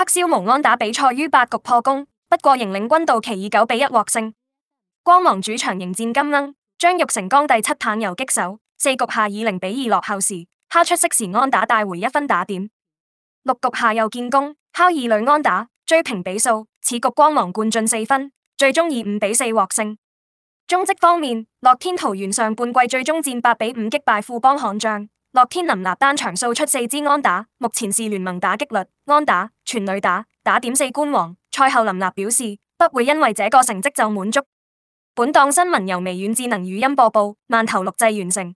克蕭無安打比賽於八局破功，不過仍領軍道奇以九比一獲勝。光芒主場迎戰金鶯，張育成剛第七棒游擊手，四局下以零比二落後時，敲出適時安打帶回一分打點。六局下又建功敲二壘安打，追平比數，此局光芒灌進四分，最終以五比四獲勝。中職方面，樂天桃園上半季最終戰八比五擊敗富邦悍將。樂天林立單場掃出四支安打，目前是聯盟打擊率、安打、全壘打、打點四冠王。賽後林立表示，不會因為這個成績就滿足。本檔新聞由微軟智能語音播報，慢頭錄製完成。